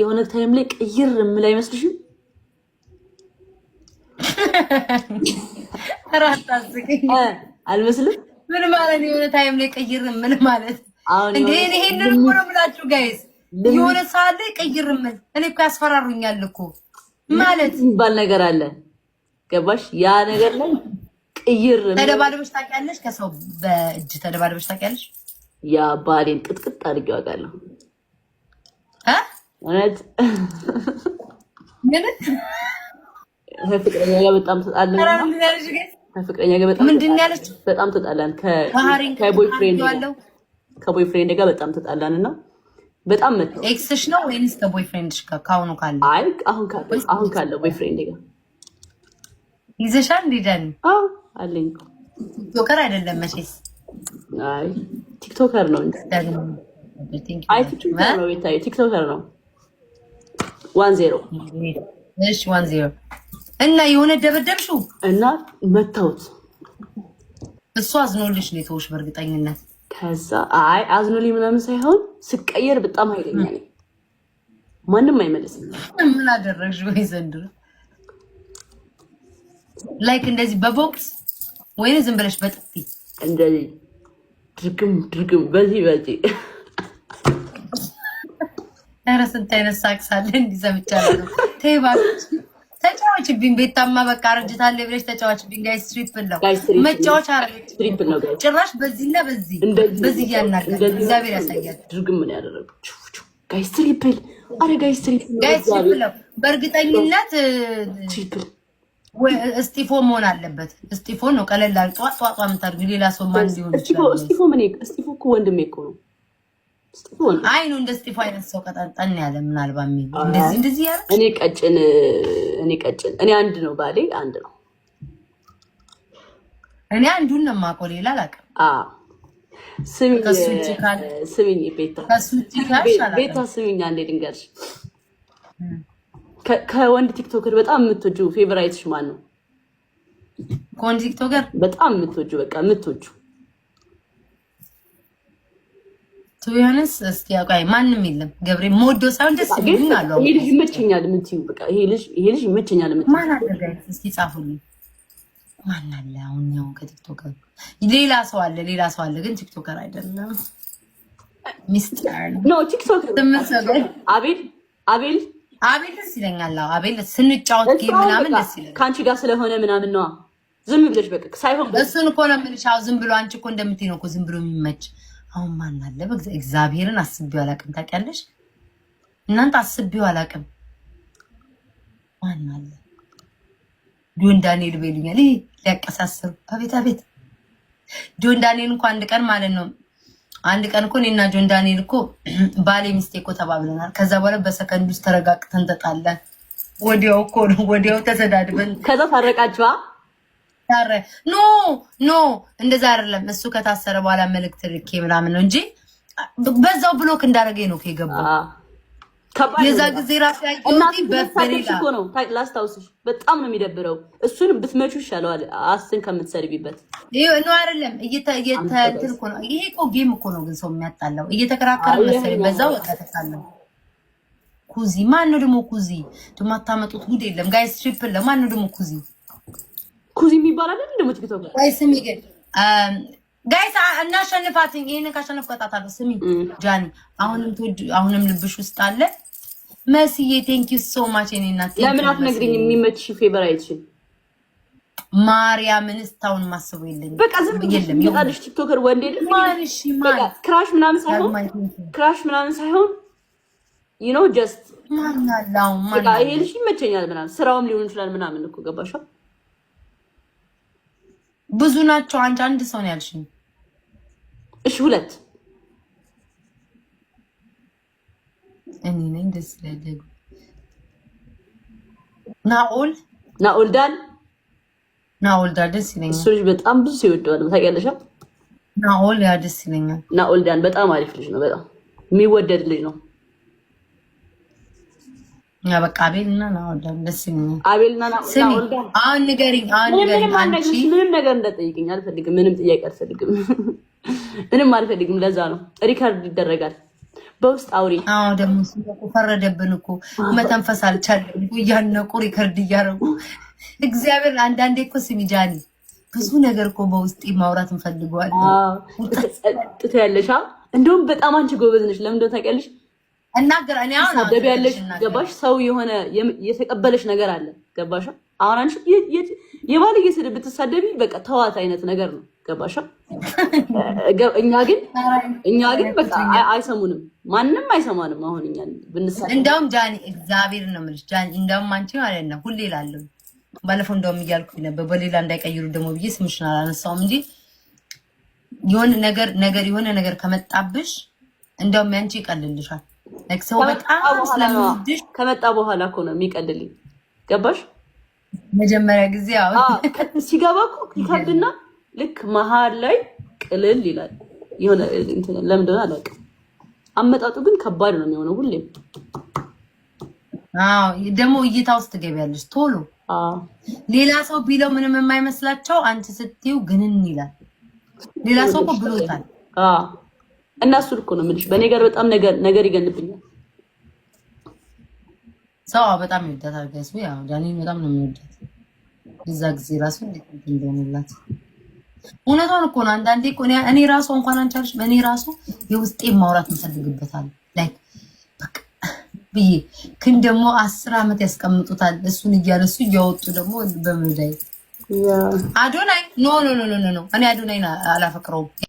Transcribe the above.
የሆነ ታይም ላይ ቅይር የምል አይመስልሽም? አልመስልም? ምን ማለት የሆነ ታይም ላይ ቅይር ማለት እንዴ? ይሄንን እኮ ነው የምላችሁ የሆነ ሰዓት ላይ ቅይር እኔ እኮ ያስፈራሩኛል እኮ ማለት የሚባል ነገር አለ። ገባሽ? ያ ነገር ላይ ቅይር ተደባድበሽ ታውቂያለሽ? ከሰው በእጅ ተደባድበሽ ታውቂያለሽ? ያ ባሌን ቅጥቅጥ አድርጌ ዋጋለሁ እውነት ከፍቅረኛ ጋር በጣም ጋር በጣም ተጣላን። ከቦይፍሬንድ ጋር በጣም ተጣላን በጣም ኤክስሽ ነው ወይንስ ከአሁኑ ካለ? አይ አሁን ካለ አሁን ካለ ቦይፍሬንድ ጋር እንዲደን አለኝ። ቲክቶከር አይደለም መቼስ። አይ ቲክቶከር ነው እንዴ? አይ ቲክቶከር ነው። ዋን ዜሮ እሺ፣ ዋን ዜሮ እና የሆነ ደበደብሽው እና መታውት እሱ አዝኖልሽ ነው የተውሽ በእርግጠኝነት። ከዛ አይ አዝኖልኝ ምናምን ሳይሆን ስቀየር በጣም ኃይለኛ ነኝ። ማንም አይመለስም። ምን አደረግሽ ወይ ዘንድሮ? ላይክ እንደዚህ በቦክስ ወይም ዝም ብለሽ በጥፊ እንደዚህ ድርግም ድርግም በዚህ በዚህ ኧረ ስንት አይነት ሳቅሳለ እንዲዘምቻለ ተጫዋች ተጫዋችብኝ። ቤታማ በቃ አረጅታለ ብለሽ ተጫዋችብኝ። ጋይ ስትሪት ብለው መጫወች አረጅ ጭራሽ በዚህና በዚህ በዚህ እግዚአብሔር ያሳያል። ምን ጋይ አረ ጋይ ጋይ በእርግጠኝነት እስጢፎ መሆን አለበት። እስጢፎ ነው ቀለል አል ሌላ ሰው ማን ሊሆን ይችላል? እስጢፎ ምን እስጢፎ እኮ ወንድሜ እኮ ነው አይ ነው እንደ ስጢፋ አይነት ሰው ቀጠጠን ያለ ምናልባት እንደዚህ እንደዚህ ያለ እኔ ቀጭን እኔ ቀጭን እኔ አንድ ነው ባሌ አንድ ነው። እኔ አንዱን ነው የማውቀው ሌላ አላውቅም። ስሚኝ ቤታ ቤታ ስሚኝ አንዴ ድንገርሽ ከወንድ ቲክቶከር በጣም የምትወጂው ፌቨራይትሽ ማን ነው? ከወንድ ቲክቶከር በጣም በቃ ሰው ዮሐንስ እስኪ አቋይ ማንም የለም። ገብሬ ሞዶ ሳይሆን ደስ ይልን አለው። ይሄ ልጅ ይመቸኛል የምትይው በቃ ይሄ ልጅ ይሄ ልጅ ይመቸኛል የምትይው ማን አደረገ? እስኪ ጻፉልኝ። ማን አለ አሁን? ያው ከቲክቶከር ሌላ ሰው አለ፣ ሌላ ሰው አለ፣ ግን ቲክቶከር አይደለም። ሚስጥር ነው ቲክቶክ አቤል አቤል አቤል ደስ ይለኛል። አቤል ስንጫወት ጌም ምናምን ደስ ይለኛል። ከአንቺ ጋር ስለሆነ ምናምን ነዋ። ዝም ብለሽ በቃ ሳይሆን እሱን እኮ ነው የምልሽ። አዎ ዝም ብሎ አንቺ እኮ እንደምትይ ነው እኮ ዝም ብሎ የሚመች አሁን ማን አለ? እግዚአብሔርን አስቤው አላቅም። ታውቂያለሽ እናንተ አስቤው አላቅም። ማን አለ? ጆን ዳንኤል በይልኛል። ይህ ሊያቀሳስሩ አቤት አቤት። ጆን ዳንኤል እንኳ አንድ ቀን ማለት ነው አንድ ቀን እኮ እኔና ጆን ዳንኤል እኮ ባሌ ሚስቴ እኮ ተባብለናል። ከዛ በኋላ በሰከንድ ውስጥ ተረጋግተን ተጣላን። ወዲያው እኮ ነው ወዲያው ተሰዳድበን ከዛ ታረቃችኋ ታረ ኖ ኖ እንደዛ አይደለም። እሱ ከታሰረ በኋላ መልእክት ልኬ ምናምን ነው እንጂ በዛው ብሎክ እንዳደረገኝ ነው ከገባ የዛ ጊዜ ራስ ነው ላስታውስሽ። በጣም ነው የሚደብረው። እሱን ብትመቹ ይሻለዋል አስን ከምትሰድቢበት። ኖ አይደለም እየተትልኮ ነው ይሄ እኮ ጌም እኮ ነው፣ ግን ሰው የሚያጣለው እየተከራከረ መሰለኝ። በዛው እቀጥታለሁ። ኩዚ ማን ነው ደግሞ ኩዚ? ማታመጡት ጉድ የለም ጋይስ። ትሪፕል ለማን ነው ደግሞ ኩዚ? ኩዚ የሚባል አለ ደግሞ ቲክቶክ ላይ ስሚ ግን ጋይስ እናሸንፋት። ይሄንን ካሸነፍ ቀጣታለሁ። ስሚ ጃኒ፣ አሁንም ትውድ አሁንም ልብሽ ውስጥ አለ መስዬ። ቴንክ ዩ ሶ ማች እኔ እናት። ለምን አትነግሪኝ? የሚመች ፌቨር አይችል ማርያምን እስካሁን ማስቡ የለኝ። በቃ ዝም ብዬለም ይጣልሽ ቲክቶከር ወንዴ ማንሽ ማን ክራሽ ምናምን ሳይሆን ክራሽ ምናምን ሳይሆን ዩ ኖ ጀስት ማን ያለው ማን ይሄ ልጅ ይመቸኛል ምናምን ስራውም ሊሆን ይችላል ምናምን እኮ ገባሻ ብዙ ናቸው። አንቺ አንድ ሰው ነው ያልሽኝ። እሺ ሁለት እኔ ነኝ። ደስ ይላል። ናኦል ናኦል ዳል ናኦል ዳል ደስ ይለኛል። እሱ ልጅ በጣም ብዙ ሰው ይወደዋል። ታውቂያለሽ? ናኦል ያ ደስ ይለኛል። ናኦል ዳን በጣም አሪፍ ልጅ ነው። በጣም የሚወደድ ልጅ ነው። በቃ አቤልና ናወልዳን ደስ አቤልና ንገሪኝ፣ ምንም ነገር እንዳጠይቅኝ አልፈልግም። ምንም ጥያቄ አልፈልግም። ምንም አልፈልግም። ለዛ ነው ሪካርድ ይደረጋል። በውስጥ አውሪ። አዎ ደግሞ ፈረደብን እኮ መተንፈስ አልቻለም። እያነቁ ሪከርድ እያረጉ እግዚአብሔር። አንዳንዴ እኮ ስሚ ጃኒ፣ ብዙ ነገር እኮ በውስጥ ማውራት እንፈልገዋለን። ጥቶ ያለሻ እንደውም በጣም አንቺ ጎበዝ ነሽ። ለምን ታውቂያለሽ እናገር ያለሽ ገባሽ? ሰው የሆነ የተቀበለሽ ነገር አለ ገባሽ? አሁን አንቺ የባልዬ ስድብ ብትሳደቢ በቃ ተዋት አይነት ነገር ነው ገባሽ? እኛ ግን እኛ ግን በቃ አይሰሙንም፣ ማንም አይሰማንም። አሁን እኛ ብንሳደብ እንደውም ጃኒ እግዚአብሔር ነው የምልሽ ጃኒ፣ እንደውም አንቺ ማለት ነው ሁሌ እላለሁ። ባለፈው እንደውም እያልኩኝ ነበር በሌላ እንዳይቀይሩ ደግሞ ብዬ ስምሽን አላነሳውም እንጂ የሆነ ነገር ነገር የሆነ ነገር ከመጣብሽ እንደውም ያንቺ ይቀልልሻል ሰው በጣም ከመጣ በኋላ እኮ ነው የሚቀልልኝ። ገባሽ? መጀመሪያ ጊዜ ሲገባ እኮ ይከብድና ልክ መሀል ላይ ቅልል ይላል። የሆነ ለምን እንደሆነ አላውቅም። አመጣጡ ግን ከባድ ነው የሚሆነው ሁሌም። ደግሞ እይታ ውስጥ ትገቢያለሽ ቶሎ። ሌላ ሰው ቢለው ምንም የማይመስላቸው አንቺ ስትይው ግንን ይላል። ሌላ ሰው እኮ ብሎታል እናሱ እኮ ነው የምልሽ። በእኔ ጋር በጣም ነገር ነገር ይገልብኛል። ሰው በጣም ይወዳታል። ገሱ ያው ዳኒ በጣም ነው የሚወዳት። እዛ ጊዜ ራሱ እንዴት እንደሆነላት እውነቷን እኮ ነው። አንዳንዴ እኮ እኔ ራሱ እንኳን አንቻልሽ እኔ ራሱ የውስጤ ማውራት እንፈልግበታል ላይክ በቃ ብዬ ግን ደግሞ አስር አመት ያስቀምጡታል። እሱን እያነሱ እያወጡ ደግሞ በምዳይ አዶናይ ኖ ኖ ኖ ኖ ኖ እኔ አዶናይን አላፈቅረውም።